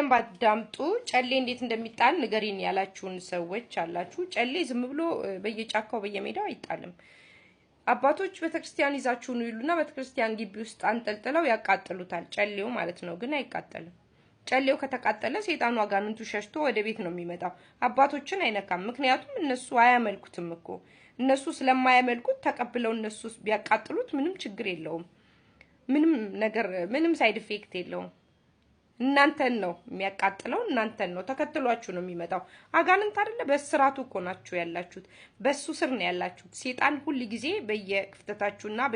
በደንብ አዳምጡ። ጨሌ እንዴት እንደሚጣል ንገሪን ያላችሁን ሰዎች አላችሁ። ጨሌ ዝም ብሎ በየጫካው በየሜዳው አይጣልም። አባቶች ቤተክርስቲያን ይዛችሁ ነው ይሉና ቤተክርስቲያን ግቢ ውስጥ አንጠልጥለው ያቃጥሉታል። ጨሌው ማለት ነው፣ ግን አይቃጠልም። ጨሌው ከተቃጠለ ሰይጣኑ አጋንንቱ ሸሽቶ ወደ ቤት ነው የሚመጣው። አባቶችን አይነካም። ምክንያቱም እነሱ አያመልኩትም እኮ እነሱ ስለማያመልኩት ተቀብለው እነሱ ቢያቃጥሉት ምንም ችግር የለውም። ምንም ነገር ምንም ሳይድ ኢፌክት የለውም። እናንተን ነው የሚያቃጥለው፣ እናንተን ነው ተከትሏችሁ ነው የሚመጣው። አጋንንት አይደለ በስራቱ እኮ ናችሁ ያላችሁት፣ በሱ ስር ነው ያላችሁት። ሴጣን ሁል ጊዜ በየክፍተታችሁና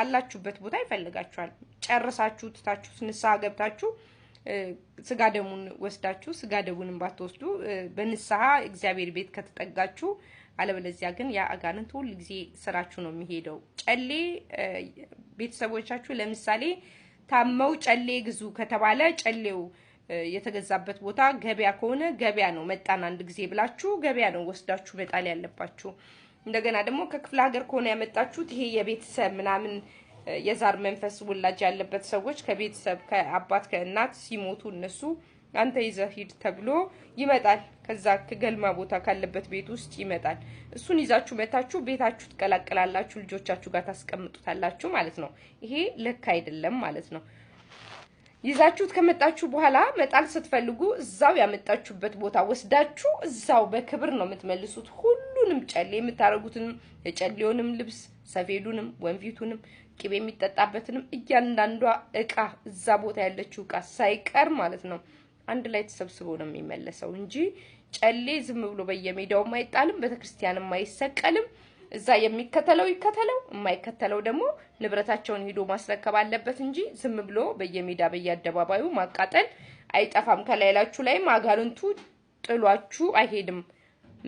አላችሁበት ቦታ ይፈልጋችኋል። ጨርሳችሁ ትታችሁ ንስሐ ገብታችሁ ስጋ ደሙን ወስዳችሁ ስጋ ደሙንም ባትወስዱ በንስሐ እግዚአብሔር ቤት ከተጠጋችሁ፣ አለበለዚያ ግን ያ አጋንንት ሁል ጊዜ ስራችሁ ነው የሚሄደው። ጨሌ ቤተሰቦቻችሁ ለምሳሌ ታመው ጨሌ ግዙ ከተባለ ጨሌው የተገዛበት ቦታ ገበያ ከሆነ ገበያ ነው። መጣን አንድ ጊዜ ብላችሁ ገበያ ነው ወስዳችሁ መጣል ያለባችሁ። እንደገና ደግሞ ከክፍለ ሀገር ከሆነ ያመጣችሁት ይሄ የቤተሰብ ምናምን የዛር መንፈስ ውላጅ ያለበት ሰዎች ከቤተሰብ ከአባት ከእናት ሲሞቱ እነሱ አንተ ይዘህ ሂድ ተብሎ ይመጣል። ከዛ ከገልማ ቦታ ካለበት ቤት ውስጥ ይመጣል። እሱን ይዛችሁ መታችሁ ቤታችሁ ትቀላቀላላችሁ፣ ልጆቻችሁ ጋር ታስቀምጡታላችሁ ማለት ነው። ይሄ ልክ አይደለም ማለት ነው። ይዛችሁት ከመጣችሁ በኋላ መጣል ስትፈልጉ እዛው ያመጣችሁበት ቦታ ወስዳችሁ እዛው በክብር ነው የምትመልሱት። ሁሉንም ጨሌ የምታደርጉትንም የጨሌውንም ልብስ ሰፌዱንም፣ ወንፊቱንም፣ ቅቤ የሚጠጣበትንም እያንዳንዷ እቃ እዛ ቦታ ያለችው እቃ ሳይቀር ማለት ነው አንድ ላይ ተሰብስቦ ነው የሚመለሰው እንጂ ጨሌ ዝም ብሎ በየሜዳውም አይጣልም፣ ቤተክርስቲያንም አይሰቀልም። እዛ የሚከተለው ይከተለው፣ የማይከተለው ደግሞ ንብረታቸውን ሂዶ ማስረከብ አለበት እንጂ ዝም ብሎ በየሜዳ በየአደባባዩ ማቃጠል አይጠፋም። ከላይላችሁ ላይም አጋንንቱ ጥሏችሁ አይሄድም።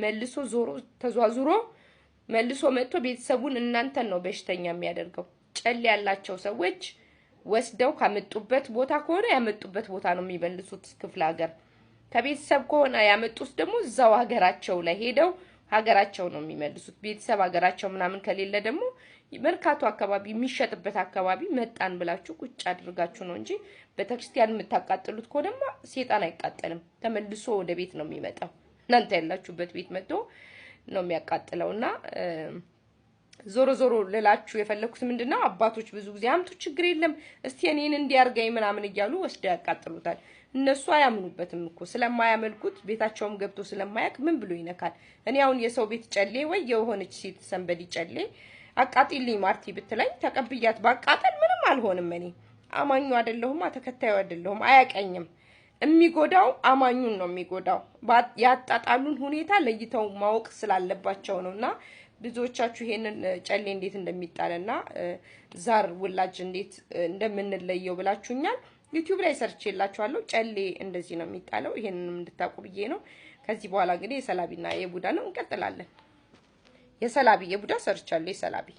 መልሶ ዞሮ ተዟዙሮ መልሶ መጥቶ ቤተሰቡን እናንተን ነው በሽተኛ የሚያደርገው። ጨሌ ያላቸው ሰዎች ወስደው ካመጡበት ቦታ ከሆነ ያመጡበት ቦታ ነው የሚመልሱት ክፍለ ሀገር። ከቤተሰብ ከሆነ ያመጡት ደግሞ እዛው ሀገራቸው ላይ ሄደው ሀገራቸው ነው የሚመልሱት። ቤተሰብ ሀገራቸው ምናምን ከሌለ ደግሞ መርካቶ አካባቢ የሚሸጥበት አካባቢ መጣን ብላችሁ ቁጭ አድርጋችሁ ነው እንጂ ቤተክርስቲያን የምታቃጥሉት ከሆነማ ሴጣን አይቃጠልም፣ ተመልሶ ወደ ቤት ነው የሚመጣው። እናንተ ያላችሁበት ቤት መጥቶ ነው የሚያቃጥለው እና ዞሮ ዞሮ ልላችሁ የፈለኩት ምንድነው አባቶች ብዙ ጊዜ አምጡ ችግር የለም እስቲ እኔን እንዲያርገኝ ምናምን እያሉ ወስደው ያቃጥሉታል። እነሱ አያምኑበትም እኮ ስለማያመልኩት ቤታቸውም ገብቶ ስለማያውቅ ምን ብሎ ይነካል? እኔ አሁን የሰው ቤት ጨሌ ወይ የሆነች ሴት ሰንበዲ ጨሌ አቃጢልኝ ማርቲ ብትለኝ ተቀብያት ባቃጠል ምንም አልሆንም። እኔ አማኙ አይደለሁም፣ ተከታዩ አይደለሁም፣ አያቀኝም። የሚጎዳው አማኙን ነው የሚጎዳው። ያጣጣሉን ሁኔታ ለይተው ማወቅ ስላለባቸው ነው እና ብዙዎቻችሁ ይሄንን ጨሌ እንዴት እንደሚጣለና ዛር ውላጅ እንዴት እንደምንለየው ብላችሁኛል። ዩቲዩብ ላይ ሰርች የላችኋለሁ። ጨሌ እንደዚህ ነው የሚጣለው። ይሄንንም እንድታውቁ ብዬ ነው። ከዚህ በኋላ እንግዲህ የሰላቢና የቡዳ ነው እንቀጥላለን። የሰላቢ የቡዳ ሰርቻለሁ። የሰላቢ